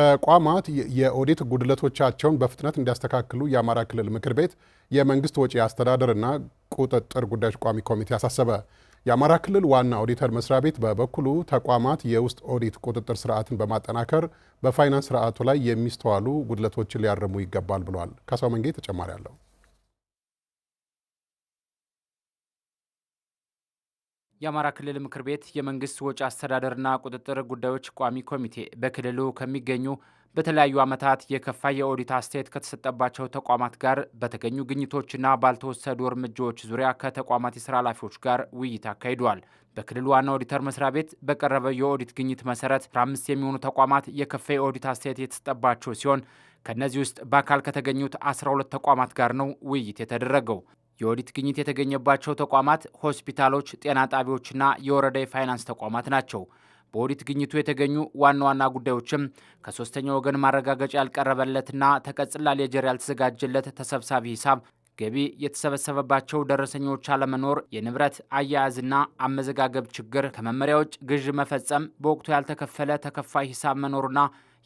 ተቋማት የኦዲት ጉድለቶቻቸውን በፍጥነት እንዲያስተካክሉ የአማራ ክልል ምክር ቤት የመንግስት ወጪ አስተዳደርና ቁጥጥር ጉዳዮች ቋሚ ኮሚቴ አሳሰበ። የአማራ ክልል ዋና ኦዲተር መስሪያ ቤት በበኩሉ ተቋማት የውስጥ ኦዲት ቁጥጥር ስርዓትን በማጠናከር በፋይናንስ ስርዓቱ ላይ የሚስተዋሉ ጉድለቶችን ሊያርሙ ይገባል ብሏል። ከሰው መንጌ ተጨማሪ አለው። የአማራ ክልል ምክር ቤት የመንግስት ወጪ አስተዳደርና ቁጥጥር ጉዳዮች ቋሚ ኮሚቴ በክልሉ ከሚገኙ በተለያዩ ዓመታት የከፋ የኦዲት አስተያየት ከተሰጠባቸው ተቋማት ጋር በተገኙ ግኝቶችና ባልተወሰዱ እርምጃዎች ዙሪያ ከተቋማት የስራ ኃላፊዎች ጋር ውይይት አካሂደዋል። በክልሉ ዋና ኦዲተር መስሪያ ቤት በቀረበ የኦዲት ግኝት መሰረት አምስት የሚሆኑ ተቋማት የከፋ የኦዲት አስተያየት የተሰጠባቸው ሲሆን ከእነዚህ ውስጥ በአካል ከተገኙት 12 ተቋማት ጋር ነው ውይይት የተደረገው። የኦዲት ግኝት የተገኘባቸው ተቋማት ሆስፒታሎች፣ ጤና ጣቢያዎችና የወረዳ የፋይናንስ ተቋማት ናቸው። በኦዲት ግኝቱ የተገኙ ዋና ዋና ጉዳዮችም ከሶስተኛ ወገን ማረጋገጫ ያልቀረበለትና ተቀጽላ ሌጀር ያልተዘጋጀለት ተሰብሳቢ ሂሳብ ገቢ የተሰበሰበባቸው ደረሰኞች አለመኖር፣ የንብረት አያያዝና አመዘጋገብ ችግር፣ ከመመሪያ ውጭ ግዥ መፈጸም፣ በወቅቱ ያልተከፈለ ተከፋይ ሂሳብ መኖርና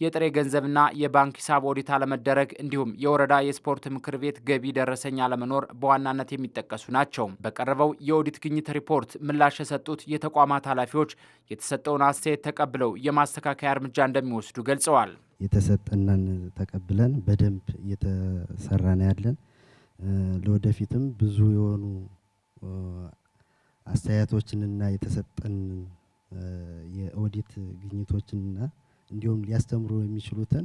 የጥሬ ገንዘብና የባንክ ሂሳብ ኦዲት አለመደረግ እንዲሁም የወረዳ የስፖርት ምክር ቤት ገቢ ደረሰኝ አለመኖር በዋናነት የሚጠቀሱ ናቸው። በቀረበው የኦዲት ግኝት ሪፖርት ምላሽ የሰጡት የተቋማት ኃላፊዎች የተሰጠውን አስተያየት ተቀብለው የማስተካከያ እርምጃ እንደሚወስዱ ገልጸዋል። የተሰጠነን ተቀብለን በደንብ እየተሰራ ነው ያለን። ለወደፊትም ብዙ የሆኑ አስተያየቶችንና የተሰጠን የኦዲት ግኝቶችንና እንዲሁም ሊያስተምሩ የሚችሉትን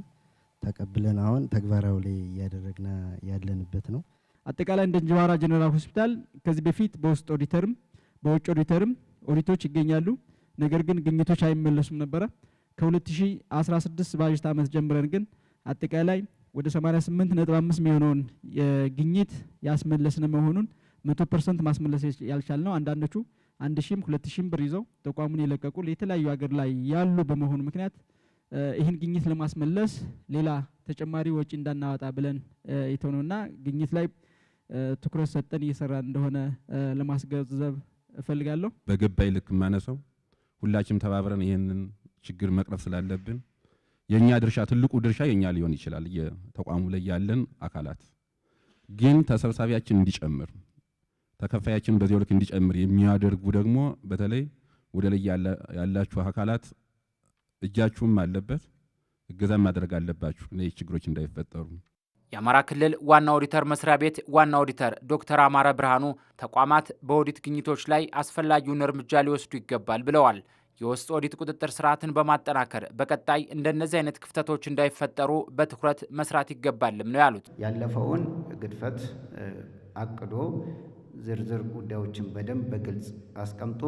ተቀብለን አሁን ተግባራዊ ላይ እያደረግን ያለንበት ነው። አጠቃላይ እንደ እንጅባራ ጀነራል ሆስፒታል ከዚህ በፊት በውስጥ ኦዲተርም በውጭ ኦዲተርም ኦዲቶች ይገኛሉ። ነገር ግን ግኝቶች አይመለሱም ነበረ። ከ2016 ባጀት ዓመት ጀምረን ግን አጠቃላይ ወደ 88.5 የሚሆነውን ግኝት ያስመለስን መሆኑን 100% ማስመለስ ነው አንዳንዶቹ አንድ ሺህም ብር ይዘው ተቋሙን የለቀቁ የተለያዩ ሀገር ላይ ያሉ በመሆኑ ምክንያት ይህን ግኝት ለማስመለስ ሌላ ተጨማሪ ወጪ እንዳናወጣ ብለን የተሆነውና ግኝት ላይ ትኩረት ሰጠን እየሰራ እንደሆነ ለማስገንዘብ እፈልጋለሁ። በገባይ ልክ ማነሰው ሁላችንም ተባብረን ይህንን ችግር መቅረፍ ስላለብን የእኛ ድርሻ ትልቁ ድርሻ የእኛ ሊሆን ይችላል። የተቋሙ ላይ ያለን አካላት ግን ተሰብሳቢያችን እንዲጨምር ተከፋያችን በዚያው ልክ እንዲጨምር የሚያደርጉ ደግሞ በተለይ ወደ ላይ ያላችሁ አካላት እጃችሁም አለበት፣ እገዛም ማድረግ አለባችሁ እነዚህ ችግሮች እንዳይፈጠሩ። የአማራ ክልል ዋና ኦዲተር መስሪያ ቤት ዋና ኦዲተር ዶክተር አማረ ብርሃኑ ተቋማት በኦዲት ግኝቶች ላይ አስፈላጊውን እርምጃ ሊወስዱ ይገባል ብለዋል። የውስጥ ኦዲት ቁጥጥር ስርዓትን በማጠናከር በቀጣይ እንደነዚህ አይነት ክፍተቶች እንዳይፈጠሩ በትኩረት መስራት ይገባልም ነው ያሉት። ያለፈውን ግድፈት አቅዶ ዝርዝር ጉዳዮችን በደንብ በግልጽ አስቀምጦ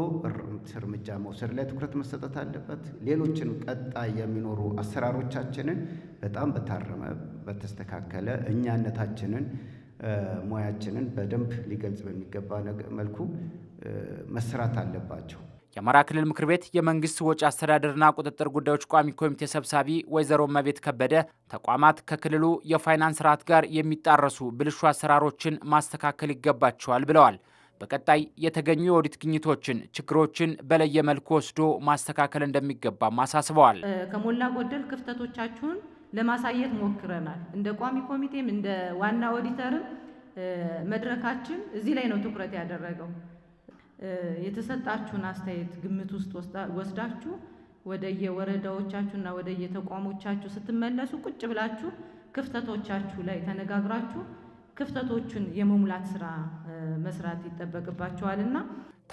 እርምጃ መውሰድ ላይ ትኩረት መሰጠት አለበት። ሌሎችን ቀጣይ የሚኖሩ አሰራሮቻችንን በጣም በታረመ በተስተካከለ እኛነታችንን ሙያችንን በደንብ ሊገልጽ በሚገባ መልኩ መስራት አለባቸው። የአማራ ክልል ምክር ቤት የመንግስት ወጪ አስተዳደርና ቁጥጥር ጉዳዮች ቋሚ ኮሚቴ ሰብሳቢ ወይዘሮ መቤት ከበደ ተቋማት ከክልሉ የፋይናንስ ስርዓት ጋር የሚጣረሱ ብልሹ አሰራሮችን ማስተካከል ይገባቸዋል ብለዋል። በቀጣይ የተገኙ የኦዲት ግኝቶችን፣ ችግሮችን በለየ መልኩ ወስዶ ማስተካከል እንደሚገባም አሳስበዋል። ከሞላ ጎደል ክፍተቶቻችሁን ለማሳየት ሞክረናል። እንደ ቋሚ ኮሚቴም እንደ ዋና ኦዲተርም መድረካችን እዚህ ላይ ነው ትኩረት ያደረገው። የተሰጣችሁን አስተያየት ግምት ውስጥ ወስዳችሁ ወደ የወረዳዎቻችሁና ወደ የተቋሞቻችሁ ስትመለሱ ቁጭ ብላችሁ ክፍተቶቻችሁ ላይ ተነጋግራችሁ ክፍተቶቹን የመሙላት ስራ መስራት ይጠበቅባቸዋልና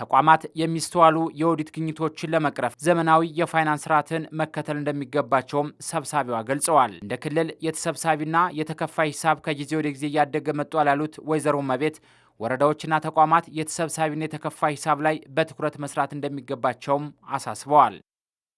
ተቋማት የሚስተዋሉ የኦዲት ግኝቶችን ለመቅረፍ ዘመናዊ የፋይናንስ ስርዓትን መከተል እንደሚገባቸውም ሰብሳቢዋ ገልጸዋል። እንደ ክልል የተሰብሳቢና የተከፋይ ሂሳብ ከጊዜ ወደ ጊዜ እያደገ መጥቷል ያሉት ወይዘሮ መቤት ወረዳዎችና ተቋማት የተሰብሳቢና የተከፋ ሂሳብ ላይ በትኩረት መስራት እንደሚገባቸውም አሳስበዋል።